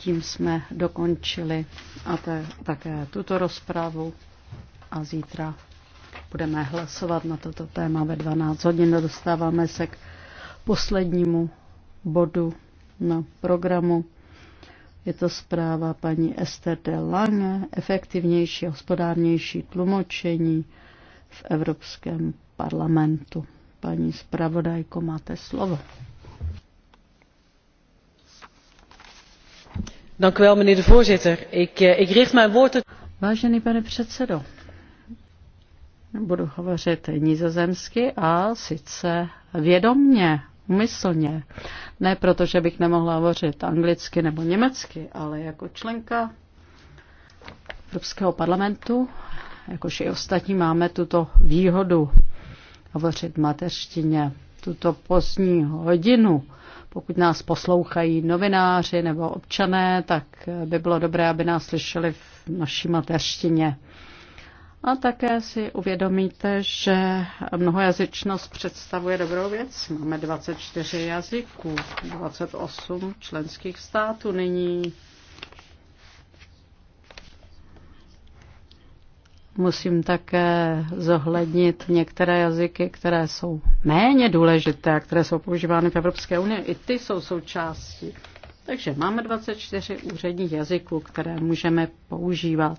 Tím jsme dokončili a te, také tuto rozpravu a zítra budeme hlasovat na toto téma ve 12 hodin. Dostáváme se k poslednímu bodu na programu. Je to zpráva paní Esther de Lange, efektivnější, hospodárnější tlumočení v Evropském parlamentu. Paní zpravodajko, máte slovo. Eh, Vážený pane předsedo, budu hovořit nizozemsky a sice vědomě úmyslně Ne proto, že bych nemohla hovořit anglicky nebo německy, ale jako členka Evropského parlamentu, jakož i ostatní, máme tuto výhodu hovořit v mateřštině tuto pozdní hodinu, pokud nás poslouchají novináři nebo občané, tak by bylo dobré, aby nás slyšeli v naší mateřštině. A také si uvědomíte, že mnohojazyčnost představuje dobrou věc. Máme 24 jazyků, 28 členských států nyní Musím také zohlednit některé jazyky, které jsou méně důležité, které jsou používány v Evropské unii. I ty jsou součástí. Takže máme 24 úředních jazyků, které můžeme používat.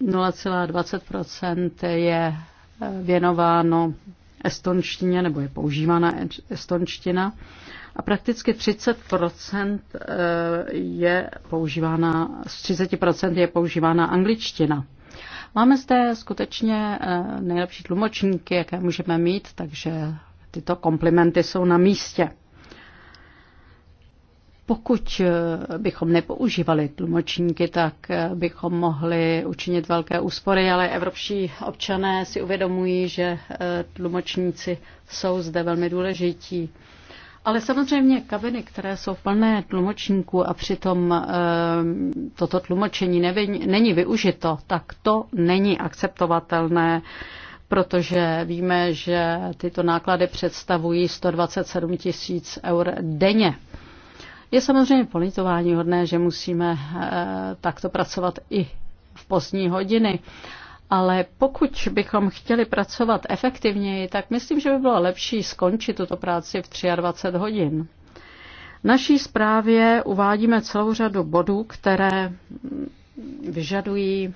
0,20 je eh, věnováno estonštině nebo je používána estonština a prakticky 30 eh, je používána, z 30 je používána angličtina. Máme zde skutečně eh, nejlepší tlumočníky, jaké můžeme mít, takže tyto komplimenty jsou na místě. Pokud eh, bychom nepoužívali tlumočníky, tak eh, bychom mohli učinit velké úspory, ale evropští občané si uvědomují, že eh, tlumočníci jsou zde velmi důležití. Ale samozřejmě kabiny, které jsou plné tlumočníků a přitom e, toto tlumočení nevy, není využito, tak to není akceptovatelné, protože víme, že tyto náklady představují 127 tisíc eur denně. Je samozřejmě politování hodné, že musíme eh, takto pracovat i v pozdní hodiny. Ale pokud bychom chtěli pracovat efektivněji, tak myslím, že by bylo lepší skončit tuto práci v 23 hodin. V naší zprávě uvádíme celou řadu bodů, které vyžadují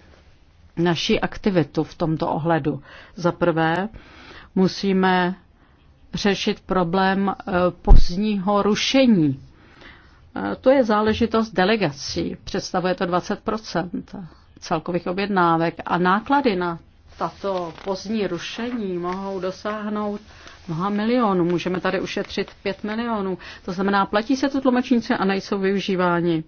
naší aktivitu v tomto ohledu. Za prvé musíme řešit problém eh, pozdního rušení. To je záležitost delegací, představuje to 20 celkových objednávek a náklady na tato pozdní rušení mohou dosáhnout mnoha milionů. Můžeme tady ušetřit 5 milionů. To znamená, platí se to tlumočníci a nejsou využíváni.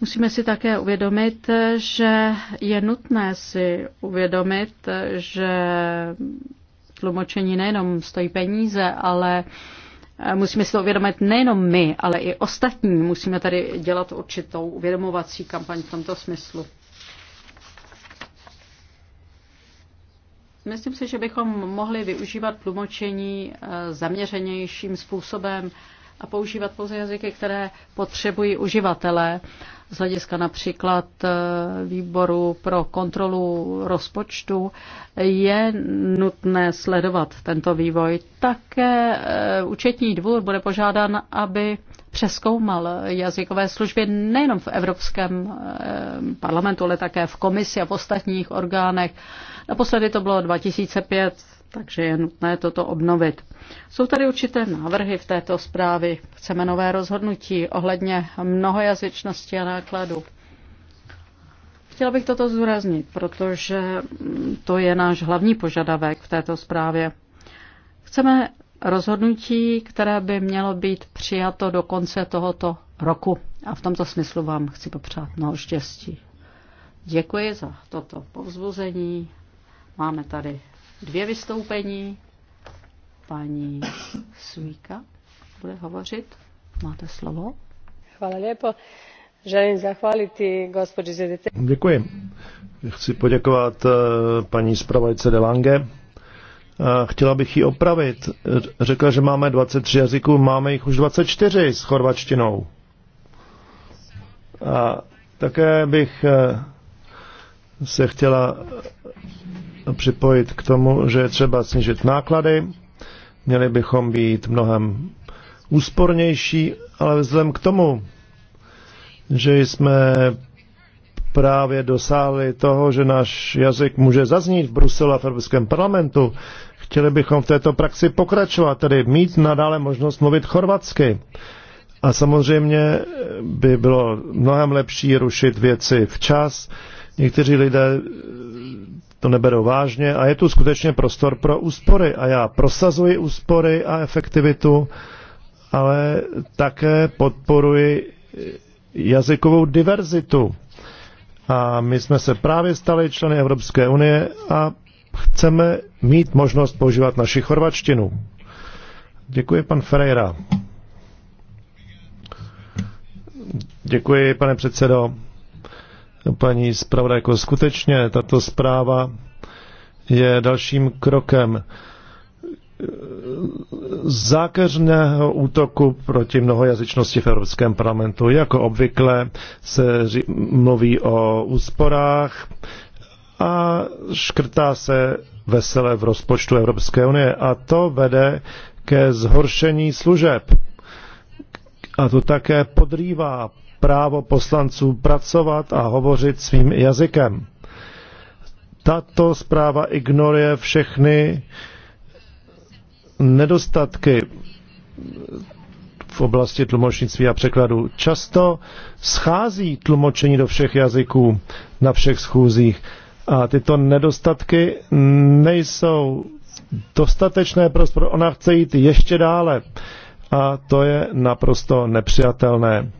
Musíme si také uvědomit, že je nutné si uvědomit, že tlumočení nejenom stojí peníze, ale uh, Eh, musíme si to uvědomit nejenom my, ale i ostatní. Musíme tady dělat určitou uvědomovací kampaň v tomto smyslu. Myslím si, že bychom mohli využívat tlumočení eh, zaměřenějším způsobem a používat pouze jazyky, které potřebují uživatelé z hlediska například eh, výboru pro kontrolu rozpočtu, je nutné sledovat tento vývoj. Také eh, účetní dvůr bude požádán, aby přeskoumal jazykové služby nejenom v Evropském eh, parlamentu, ale také v komisi a v ostatních orgánech. Naposledy to bylo 2005 takže je nutné toto obnovit. Jsou tady určité návrhy v této zprávě. Chceme nové rozhodnutí ohledně mnohojazyčnosti a nákladu. Chtěla bych toto zúraznit, protože to je náš hlavní požadavek v této zprávě. Chceme rozhodnutí, které by mělo být přijato do konce tohoto roku. A v tomto smyslu vám chci popřát mnoho štěstí. Děkuji za toto povzbuzení. Máme tady dvě vystoupení. Paní Svíka bude hovořit. Máte slovo. Chvala lepo. Želím zachváliti gospođi Zedete. Děkuji. Chci poděkovat eh, paní zpravodajce Delange. Eh, chtěla bych ji opravit. Řekla, že máme 23 jazyků, máme jich už 24 s chorvačtinou. A také bych eh, se chtěla připojit k tomu, že je třeba snížit náklady, měli bychom být mnohem úspornější, ale vzhledem k tomu, že jsme právě dosáhli toho, že náš jazyk může zaznít v Bruselu a v Evropském parlamentu, chtěli bychom v této praxi pokračovat, tedy mít nadále možnost mluvit chorvatsky. A samozřejmě by bylo mnohem lepší rušit věci včas, Někteří lidé to neberou vážně a je tu skutečně prostor pro úspory. A já prosazuji úspory a efektivitu, ale také podporuji jazykovou diverzitu. A my jsme se právě stali členy Evropské unie a chceme mít možnost používat naši chorvačtinu. Děkuji, pan Ferreira. Děkuji, pane předsedo paní zpravodajko. Skutečně tato zpráva je dalším krokem zákeřného útoku proti mnohojazyčnosti v Evropském parlamentu. Jako obvykle se mluví o úsporách a škrtá se vesele v rozpočtu Evropské unie a to vede ke zhoršení služeb. A to také podrývá právo poslanců pracovat a hovořit svým jazykem. Tato zpráva ignoruje všechny nedostatky v oblasti tlumočnictví a překladu. Často schází tlumočení do všech jazyků na všech schůzích a tyto nedostatky nejsou dostatečné pro ona chce jít ještě dále a to je naprosto nepřijatelné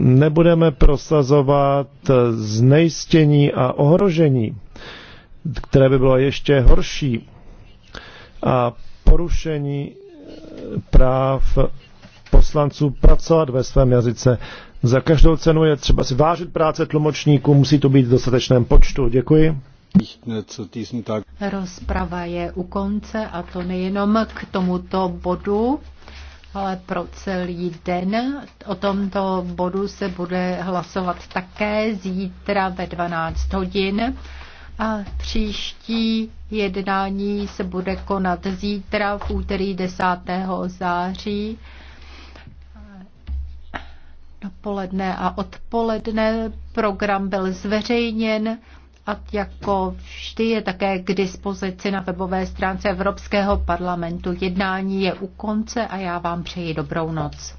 nebudeme prosazovat znejstění a ohrožení, které by bylo ještě horší a porušení práv poslanců pracovat ve svém jazyce. Za každou cenu je třeba si vážit práce tlumočníků, musí to být v dostatečném počtu. Děkuji. Rozprava je u konce a to nejenom k tomuto bodu ale pro celý den. O tomto bodu se bude hlasovat také zítra ve 12 hodin a příští jednání se bude konat zítra v úterý 10. září dopoledne a odpoledne. Program byl zveřejněn a jako vždy je také k dispozici na webové stránce Evropského parlamentu. Jednání je u konce a já vám přeji dobrou noc.